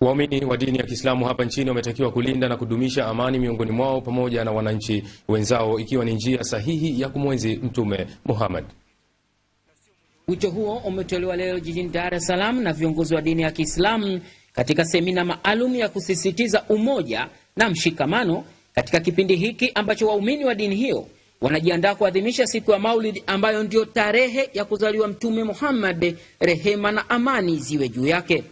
Waumini wa dini ya Kiislamu hapa nchini wametakiwa kulinda na kudumisha amani miongoni mwao pamoja na wananchi wenzao, ikiwa ni njia sahihi ya kumwenzi Mtume Muhammad. Wito huo umetolewa leo jijini Dar es Salaam na viongozi wa dini ya Kiislamu katika semina maalum ya kusisitiza umoja na mshikamano katika kipindi hiki ambacho waumini wa dini hiyo wanajiandaa kuadhimisha siku ya Maulid ambayo ndiyo tarehe ya kuzaliwa Mtume Muhammad, rehema na amani ziwe juu yake.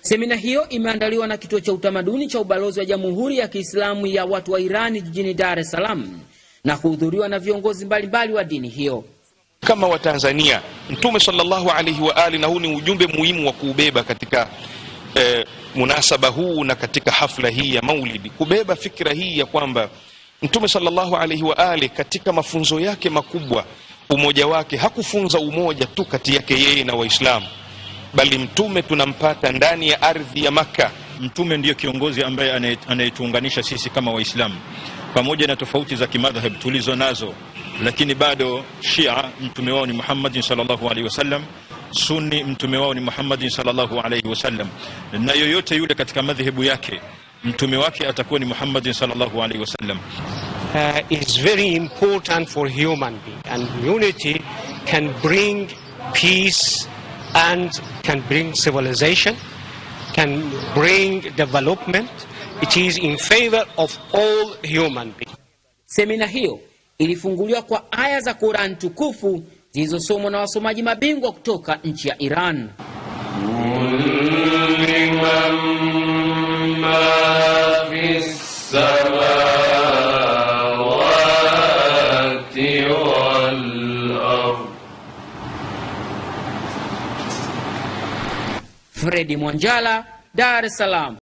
Semina hiyo imeandaliwa na kituo cha utamaduni cha ubalozi wa Jamhuri ya Kiislamu ya watu wa Irani jijini Dar es Salaam na kuhudhuriwa na viongozi mbalimbali wa dini hiyo. Kama Watanzania, Mtume sallallahu alaihi wa ali, na huu ni ujumbe muhimu wa kuubeba katika eh, munasaba huu na katika hafla hii ya Maulidi, kubeba fikira hii ya kwamba Mtume sallallahu alaihi wa ali katika mafunzo yake makubwa, umoja wake, hakufunza umoja tu kati yake yeye na Waislamu bali mtume tunampata ndani ya ardhi ya Makka. Mtume ndiyo kiongozi ambaye anayetuunganisha sisi kama Waislamu, pamoja na tofauti za kimadhhab tulizo nazo, lakini bado Shia mtume wao ni Muhammadin sallallahu alehi wasallam Sunni mtume wao ni Muhammadin sallallahu alaihi wasallam, na yoyote yule katika madhhebu yake mtume wake atakuwa ni Muhammadin sallallahu alaihi wasallam. Uh, is very important for human being and unity can bring peace and can bring civilization, can bring development. It is in favor of all human beings. Semina hiyo ilifunguliwa kwa aya za Qur'an tukufu zilizosomwa na wasomaji mabingwa kutoka nchi ya Iran. Mm -hmm. Fredi Mwanjala, Dar es Salaam.